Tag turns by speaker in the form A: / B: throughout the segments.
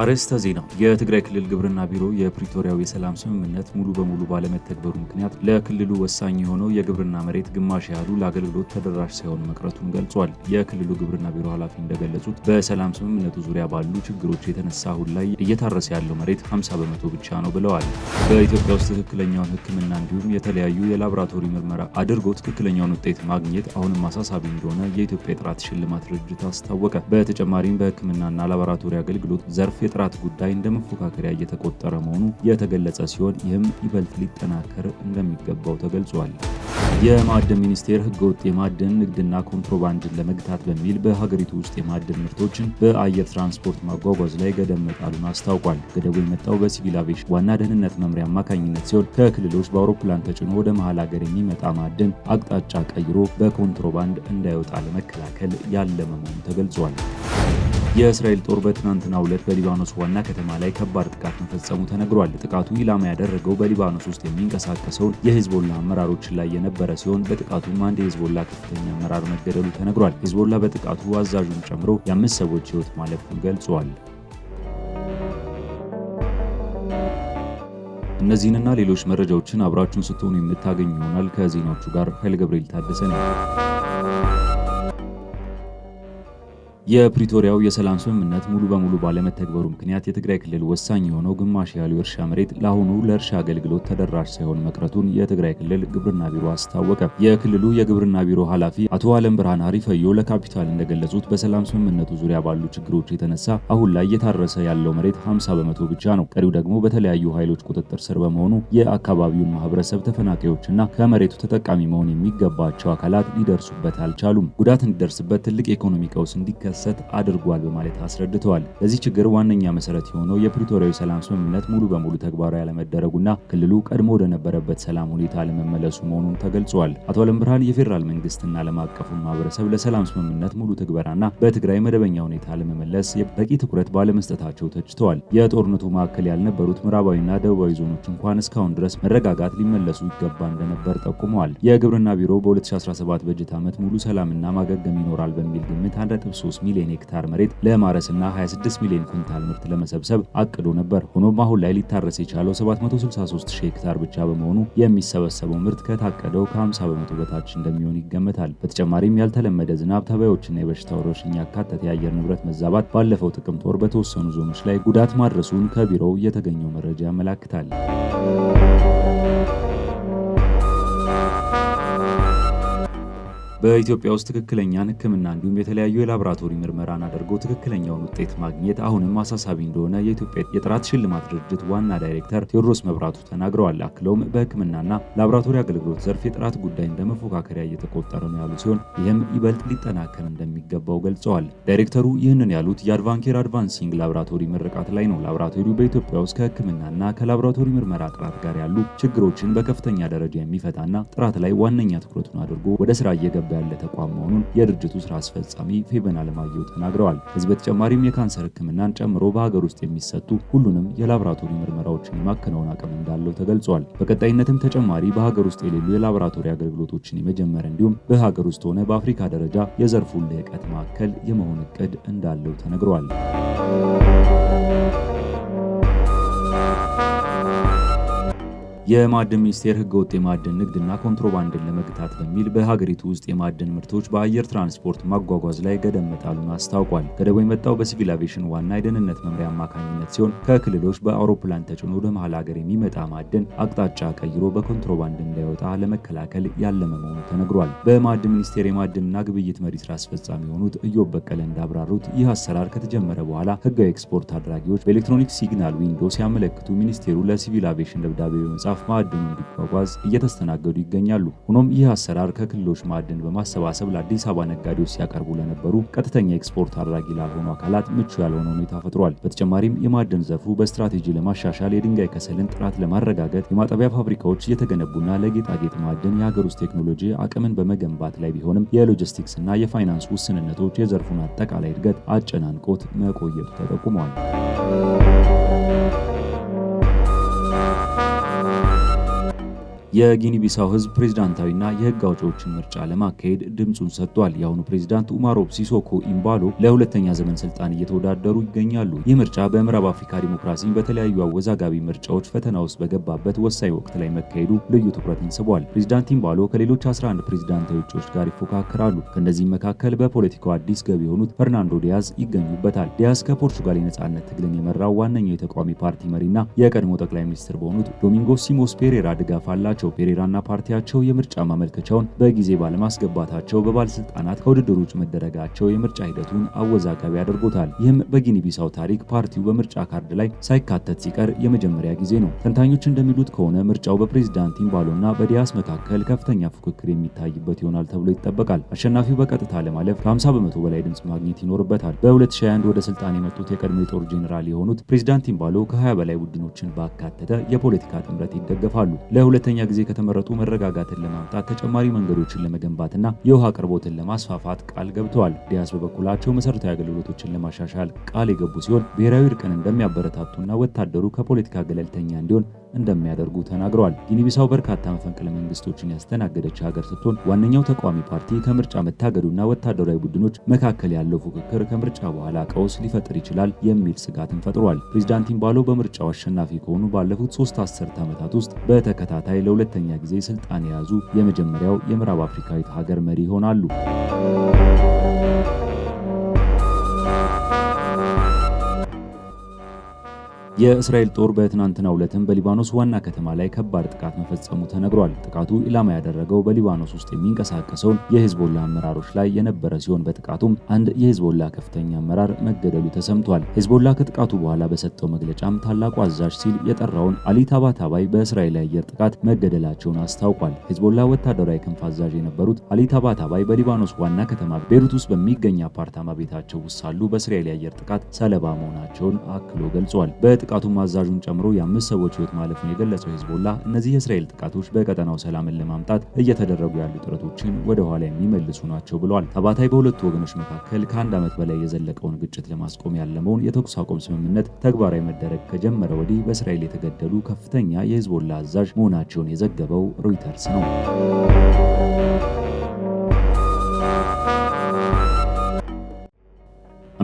A: አርዕስተ ዜና። የትግራይ ክልል ግብርና ቢሮ የፕሪቶሪያው የሰላም ስምምነት ሙሉ በሙሉ ባለመተግበሩ ምክንያት ለክልሉ ወሳኝ የሆነው የግብርና መሬት ግማሽ ያህሉ ለአገልግሎት ተደራሽ ሳይሆን መቅረቱን ገልጿል። የክልሉ ግብርና ቢሮ ኃላፊ እንደገለጹት በሰላም ስምምነቱ ዙሪያ ባሉ ችግሮች የተነሳ አሁን ላይ እየታረሰ ያለው መሬት 50 በመቶ ብቻ ነው ብለዋል። በኢትዮጵያ ውስጥ ትክክለኛውን ሕክምና እንዲሁም የተለያዩ የላቦራቶሪ ምርመራ አድርጎ ትክክለኛውን ውጤት ማግኘት አሁንም አሳሳቢ እንደሆነ የኢትዮጵያ የጥራት ሽልማት ድርጅት አስታወቀ። በተጨማሪም በሕክምናና ላቦራቶሪ አገልግሎት ዘርፍ የጥራት ጉዳይ እንደ መፎካከሪያ እየተቆጠረ መሆኑ የተገለጸ ሲሆን ይህም ይበልጥ ሊጠናከር እንደሚገባው ተገልጿል። የማዕድን ሚኒስቴር ህገወጥ የማዕድን ንግድና ኮንትሮባንድን ለመግታት በሚል በሀገሪቱ ውስጥ የማዕድን ምርቶችን በአየር ትራንስፖርት ማጓጓዝ ላይ ገደብ መጣሉን አስታውቋል። ገደቡ የመጣው በሲቪል አቪዬሽን ዋና ደህንነት መምሪያ አማካኝነት ሲሆን ከክልሎች በአውሮፕላን ተጭኖ ወደ መሀል ሀገር የሚመጣ ማዕድን አቅጣጫ ቀይሮ በኮንትሮባንድ እንዳይወጣ ለመከላከል ያለመ መሆኑ ተገልጿል። የእስራኤል ጦር በትናንትናው ዕለት በሊባኖስ ዋና ከተማ ላይ ከባድ ጥቃት መፈጸሙ ተነግሯል። ጥቃቱ ኢላማ ያደረገው በሊባኖስ ውስጥ የሚንቀሳቀሰውን የህዝቦላ አመራሮችን ላይ የነበረ ሲሆን በጥቃቱም አንድ የህዝቦላ ከፍተኛ አመራር መገደሉ ተነግሯል። ህዝቦላ በጥቃቱ አዛዡን ጨምሮ የአምስት ሰዎች ሕይወት ማለፉን ገልጿል። እነዚህንና ሌሎች መረጃዎችን አብራችሁን ስትሆኑ የምታገኙ ይሆናል። ከዜናዎቹ ጋር ኃይለ ገብርኤል ታደሰ ነው። የፕሪቶሪያው የሰላም ስምምነት ሙሉ በሙሉ ባለመተግበሩ ምክንያት የትግራይ ክልል ወሳኝ የሆነው ግማሽ ያሉ የእርሻ መሬት ለአሁኑ ለእርሻ አገልግሎት ተደራሽ ሳይሆን መቅረቱን የትግራይ ክልል ግብርና ቢሮ አስታወቀ። የክልሉ የግብርና ቢሮ ኃላፊ አቶ አለም ብርሃን አሪፈዮ ለካፒታል እንደገለጹት በሰላም ስምምነቱ ዙሪያ ባሉ ችግሮች የተነሳ አሁን ላይ እየታረሰ ያለው መሬት 50 በመቶ ብቻ ነው። ቀሪው ደግሞ በተለያዩ ኃይሎች ቁጥጥር ስር በመሆኑ የአካባቢውን ማህበረሰብ ተፈናቃዮችና ከመሬቱ ተጠቃሚ መሆን የሚገባቸው አካላት ሊደርሱበት አልቻሉም። ጉዳት እንዲደርስበት ትልቅ የኢኮኖሚ ቀውስ እንዲከ እንዲከሰት አድርጓል በማለት አስረድተዋል። ለዚህ ችግር ዋነኛ መሰረት የሆነው የፕሪቶሪያዊ ሰላም ስምምነት ሙሉ በሙሉ ተግባራዊ አለመደረጉና ክልሉ ቀድሞ ወደነበረበት ሰላም ሁኔታ አለመመለሱ መሆኑን ተገልጿል። አቶ አለም ብርሃን የፌዴራል መንግስትና ዓለም አቀፉ ማህበረሰብ ለሰላም ስምምነት ሙሉ ትግበራና በትግራይ መደበኛ ሁኔታ ለመመለስ በቂ ትኩረት ባለመስጠታቸው ተችተዋል። የጦርነቱ ማዕከል ያልነበሩት ምዕራባዊና ደቡባዊ ዞኖች እንኳን እስካሁን ድረስ መረጋጋት ሊመለሱ ይገባ እንደነበር ጠቁመዋል። የግብርና ቢሮ በ2017 በጀት ዓመት ሙሉ ሰላምና ማገገም ይኖራል በሚል ግምት 1.3 15 ሚሊዮን ሄክታር መሬት ለማረስና 26 ሚሊዮን ኩንታል ምርት ለመሰብሰብ አቅዶ ነበር። ሆኖም አሁን ላይ ሊታረስ የቻለው 763 ሺህ ሄክታር ብቻ በመሆኑ የሚሰበሰበው ምርት ከታቀደው ከ50 በመቶ በታች እንደሚሆን ይገመታል። በተጨማሪም ያልተለመደ ዝናብ፣ ተባዮችና የበሽታ ወረርሽኝ ያካተተ የአየር ንብረት መዛባት ባለፈው ጥቅምት ወር በተወሰኑ ዞኖች ላይ ጉዳት ማድረሱን ከቢሮው የተገኘው መረጃ ያመላክታል። በኢትዮጵያ ውስጥ ትክክለኛን ሕክምና እንዲሁም የተለያዩ የላቦራቶሪ ምርመራን አድርጎ ትክክለኛውን ውጤት ማግኘት አሁንም አሳሳቢ እንደሆነ የኢትዮጵያ የጥራት ሽልማት ድርጅት ዋና ዳይሬክተር ቴዎድሮስ መብራቱ ተናግረዋል። አክለውም በሕክምናና ላቦራቶሪ አገልግሎት ዘርፍ የጥራት ጉዳይ እንደ መፎካከሪያ እየተቆጠረ ነው ያሉ ሲሆን ይህም ይበልጥ ሊጠናከር እንደሚገባው ገልጸዋል። ዳይሬክተሩ ይህንን ያሉት የአድቫንኬር አድቫንሲንግ ላቦራቶሪ ምርቃት ላይ ነው። ላቦራቶሪው በኢትዮጵያ ውስጥ ከሕክምናና ከላቦራቶሪ ምርመራ ጥራት ጋር ያሉ ችግሮችን በከፍተኛ ደረጃ የሚፈታና ጥራት ላይ ዋነኛ ትኩረቱን አድርጎ ወደ ስራ እየገባ አቅራቢያ ያለ ተቋም መሆኑን የድርጅቱ ስራ አስፈጻሚ ፌበን አለማየሁ ተናግረዋል። ከዚህ በተጨማሪም የካንሰር ሕክምናን ጨምሮ በሀገር ውስጥ የሚሰጡ ሁሉንም የላቦራቶሪ ምርመራዎችን የማከናወን አቅም እንዳለው ተገልጿል። በቀጣይነትም ተጨማሪ በሀገር ውስጥ የሌሉ የላቦራቶሪ አገልግሎቶችን የመጀመር እንዲሁም በሀገር ውስጥ ሆነ በአፍሪካ ደረጃ የዘርፉን ልዕቀት ማዕከል የመሆን እቅድ እንዳለው ተነግሯል። የማዕድን ሚኒስቴር ህገወጥ የማዕድን ንግድና ኮንትሮባንድን ለመግታት በሚል በሀገሪቱ ውስጥ የማዕድን ምርቶች በአየር ትራንስፖርት ማጓጓዝ ላይ ገደብ መጣሉን አስታውቋል። ገደቡ የመጣው በሲቪል አቪሽን ዋና የደህንነት መምሪያ አማካኝነት ሲሆን ከክልሎች በአውሮፕላን ተጭኖ ወደ መሀል ሀገር የሚመጣ ማዕድን አቅጣጫ ቀይሮ በኮንትሮባንድ እንዳይወጣ ለመከላከል ያለመ መሆኑ ተነግሯል። በማዕድን ሚኒስቴር የማዕድንና ግብይት መሪ ስራ አስፈጻሚ የሆኑት እዮብ በቀለ እንዳብራሩት ይህ አሰራር ከተጀመረ በኋላ ህጋዊ ኤክስፖርት አድራጊዎች በኤሌክትሮኒክ ሲግናል ዊንዶ ሲያመለክቱ ሚኒስቴሩ ለሲቪል አቪሽን ደብዳቤ በመጻፍ ድጋፍ ማዕድኑ እንዲጓጓዝ እየተስተናገዱ ይገኛሉ። ሆኖም ይህ አሰራር ከክልሎች ማዕድን በማሰባሰብ ለአዲስ አበባ ነጋዴዎች ሲያቀርቡ ለነበሩ ቀጥተኛ ኤክስፖርት አድራጊ ላልሆኑ አካላት ምቹ ያልሆነ ሁኔታ ፈጥሯል። በተጨማሪም የማዕድን ዘርፉ በስትራቴጂ ለማሻሻል፣ የድንጋይ ከሰልን ጥራት ለማረጋገጥ የማጠቢያ ፋብሪካዎች እየተገነቡና ለጌጣጌጥ ማዕድን የሀገር ውስጥ ቴክኖሎጂ አቅምን በመገንባት ላይ ቢሆንም የሎጂስቲክስ እና የፋይናንስ ውስንነቶች የዘርፉን አጠቃላይ እድገት አጨናንቆት መቆየቱ ተጠቁመዋል። የጊኒ ቢሳው ህዝብ ፕሬዝዳንታዊና የህግ አውጪዎችን ምርጫ ለማካሄድ ድምፁን ሰጥቷል። የአሁኑ ፕሬዝዳንት ኡማሮ ሲሶኮ ኢምባሎ ለሁለተኛ ዘመን ስልጣን እየተወዳደሩ ይገኛሉ። ይህ ምርጫ በምዕራብ አፍሪካ ዲሞክራሲ በተለያዩ አወዛጋቢ ምርጫዎች ፈተና ውስጥ በገባበት ወሳኝ ወቅት ላይ መካሄዱ ልዩ ትኩረትን ስቧል። ፕሬዝዳንት ኢምባሎ ከሌሎች 11 ፕሬዝዳንታዊ እጩዎች ጋር ይፎካከራሉ። ከእነዚህም መካከል በፖለቲካው አዲስ ገቢ የሆኑት ፈርናንዶ ዲያዝ ይገኙበታል። ዲያዝ ከፖርቹጋል የነጻነት ትግልን የመራው ዋነኛው የተቃዋሚ ፓርቲ መሪና የቀድሞ ጠቅላይ ሚኒስትር በሆኑት ዶሚንጎ ሲሞስ ፔሬራ ድጋፍ አላቸው። ጌታቸው ፔሬራና ፓርቲያቸው የምርጫ ማመልከቻውን በጊዜ ባለማስገባታቸው በባለስልጣናት ከውድድር ውጭ መደረጋቸው የምርጫ ሂደቱን አወዛጋቢ አድርጎታል። ይህም በጊኒ ቢሳው ታሪክ ፓርቲው በምርጫ ካርድ ላይ ሳይካተት ሲቀር የመጀመሪያ ጊዜ ነው። ተንታኞች እንደሚሉት ከሆነ ምርጫው በፕሬዝዳንት ኢምባሎና በዲያስ መካከል ከፍተኛ ፉክክር የሚታይበት ይሆናል ተብሎ ይጠበቃል። አሸናፊው በቀጥታ ለማለፍ ከ50 በመቶ በላይ ድምፅ ማግኘት ይኖርበታል። በ2021 ወደ ስልጣን የመጡት የቀድሞ የጦር ጄኔራል የሆኑት ፕሬዚዳንት ኢምባሎ ከ20 በላይ ቡድኖችን ባካተተ የፖለቲካ ጥምረት ይደገፋሉ። ለሁለተኛ ጊዜ ከተመረጡ መረጋጋትን ለማምጣት ተጨማሪ መንገዶችን ለመገንባትና የውሃ አቅርቦትን ለማስፋፋት ቃል ገብተዋል። ዲያስ በበኩላቸው መሰረታዊ አገልግሎቶችን ለማሻሻል ቃል የገቡ ሲሆን ብሔራዊ እርቅን እንደሚያበረታቱና ወታደሩ ከፖለቲካ ገለልተኛ እንዲሆን እንደሚያደርጉ ተናግረዋል። ጊኒቢሳው በርካታ መፈንቅለ መንግስቶችን ያስተናገደች ሀገር ስትሆን ዋነኛው ተቃዋሚ ፓርቲ ከምርጫ መታገዱና ወታደራዊ ቡድኖች መካከል ያለው ፉክክር ከምርጫ በኋላ ቀውስ ሊፈጥር ይችላል የሚል ስጋትን ፈጥሯል። ፕሬዚዳንት ኢምባሎ በምርጫው አሸናፊ ከሆኑ ባለፉት ሶስት አስርት ዓመታት ውስጥ በተከታታይ ለሁለ ለሁለተኛ ጊዜ ስልጣን የያዙ የመጀመሪያው የምዕራብ አፍሪካዊት ሀገር መሪ ይሆናሉ። የእስራኤል ጦር በትናንትናው ዕለትም በሊባኖስ ዋና ከተማ ላይ ከባድ ጥቃት መፈጸሙ ተነግሯል። ጥቃቱ ኢላማ ያደረገው በሊባኖስ ውስጥ የሚንቀሳቀሰውን የሂዝቦላ አመራሮች ላይ የነበረ ሲሆን በጥቃቱም አንድ የሂዝቦላ ከፍተኛ አመራር መገደሉ ተሰምቷል። ሂዝቦላ ከጥቃቱ በኋላ በሰጠው መግለጫም ታላቁ አዛዥ ሲል የጠራውን አሊ ታባታባይ በእስራኤል አየር ጥቃት መገደላቸውን አስታውቋል። ሂዝቦላ ወታደራዊ ክንፍ አዛዥ የነበሩት አሊ ታባታባይ በሊባኖስ ዋና ከተማ ቤሩት ውስጥ በሚገኝ አፓርታማ ቤታቸው ውስጥ ሳሉ በእስራኤል አየር ጥቃት ሰለባ መሆናቸውን አክሎ ገልጿል። ጥቃቱ አዛዡን ጨምሮ የአምስት ሰዎች ህይወት ማለፉን የገለጸው ሂዝቦላ እነዚህ የእስራኤል ጥቃቶች በቀጠናው ሰላምን ለማምጣት እየተደረጉ ያሉ ጥረቶችን ወደ ኋላ የሚመልሱ ናቸው ብሏል። ተባታይ በሁለቱ ወገኖች መካከል ከአንድ ዓመት በላይ የዘለቀውን ግጭት ለማስቆም ያለመውን የተኩስ አቁም ስምምነት ተግባራዊ መደረግ ከጀመረ ወዲህ በእስራኤል የተገደሉ ከፍተኛ የሂዝቦላ አዛዥ መሆናቸውን የዘገበው ሮይተርስ ነው።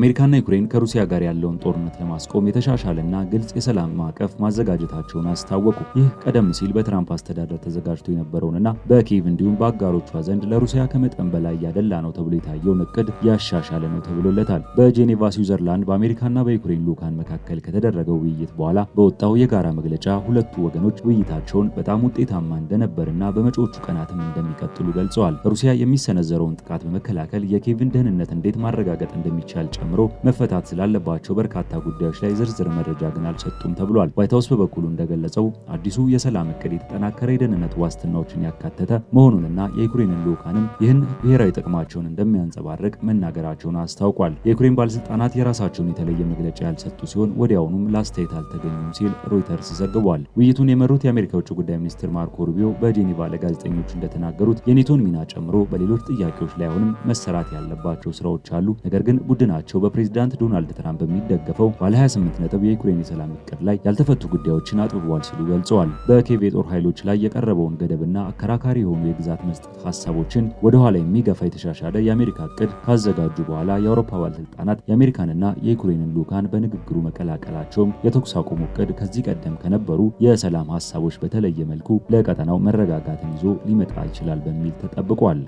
A: አሜሪካና ዩክሬን ከሩሲያ ጋር ያለውን ጦርነት ለማስቆም የተሻሻለና ግልጽ የሰላም ማዕቀፍ ማዘጋጀታቸውን አስታወቁ። ይህ ቀደም ሲል በትራምፕ አስተዳደር ተዘጋጅቶ የነበረውንና በኪቭ እንዲሁም በአጋሮቿ ዘንድ ለሩሲያ ከመጠን በላይ ያደላ ነው ተብሎ የታየውን እቅድ ያሻሻለ ነው ተብሎለታል። በጄኔቫ ስዊዘርላንድ በአሜሪካና በዩክሬን ልዑካን መካከል ከተደረገው ውይይት በኋላ በወጣው የጋራ መግለጫ ሁለቱ ወገኖች ውይይታቸውን በጣም ውጤታማ እንደነበርና በመጪዎቹ ቀናትም እንደሚቀጥሉ ገልጸዋል። ሩሲያ የሚሰነዘረውን ጥቃት በመከላከል የኪቭን ደህንነት እንዴት ማረጋገጥ እንደሚቻል ጨምሮ ጨምሮ መፈታት ስላለባቸው በርካታ ጉዳዮች ላይ ዝርዝር መረጃ ግን አልሰጡም ተብሏል። ዋይት ሀውስ በበኩሉ እንደገለጸው አዲሱ የሰላም እቅድ የተጠናከረ የደህንነት ዋስትናዎችን ያካተተ መሆኑንና የዩክሬንን ልዑካንም ይህን ብሔራዊ ጥቅማቸውን እንደሚያንጸባርቅ መናገራቸውን አስታውቋል። የዩክሬን ባለስልጣናት የራሳቸውን የተለየ መግለጫ ያልሰጡ ሲሆን ወዲያውኑም ለአስተያየት አልተገኙም ሲል ሮይተርስ ዘግቧል። ውይይቱን የመሩት የአሜሪካ ውጭ ጉዳይ ሚኒስትር ማርኮ ሩቢዮ በጄኔቫ ለጋዜጠኞች እንደተናገሩት የኔቶን ሚና ጨምሮ በሌሎች ጥያቄዎች ላይ አሁንም መሰራት ያለባቸው ስራዎች አሉ፣ ነገር ግን ቡድናቸው በፕሬዝዳንት ዶናልድ ትራምፕ በሚደገፈው ባለ 28 ነጥብ የዩክሬን የሰላም እቅድ ላይ ያልተፈቱ ጉዳዮችን አጥብቧል ሲሉ ገልጸዋል። በኬቭ የጦር ኃይሎች ላይ የቀረበውን ገደብና አከራካሪ የሆኑ የግዛት መስጠት ሀሳቦችን ወደኋላ የሚገፋ የተሻሻለ የአሜሪካ እቅድ ካዘጋጁ በኋላ የአውሮፓ ባለስልጣናት የአሜሪካንና የዩክሬንን ልዑካን በንግግሩ መቀላቀላቸውም የተኩስ አቁም እቅድ ከዚህ ቀደም ከነበሩ የሰላም ሀሳቦች በተለየ መልኩ ለቀጠናው መረጋጋትን ይዞ ሊመጣ ይችላል በሚል ተጠብቋል።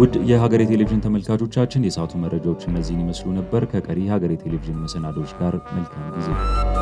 A: ውድ የሀገሬ ቴሌቪዥን ተመልካቾቻችን የሰዓቱ መረጃዎች እነዚህን ይመስሉ ነበር። ከቀሪ ሀገሬ ቴሌቪዥን መሰናዶዎች ጋር መልካም ጊዜ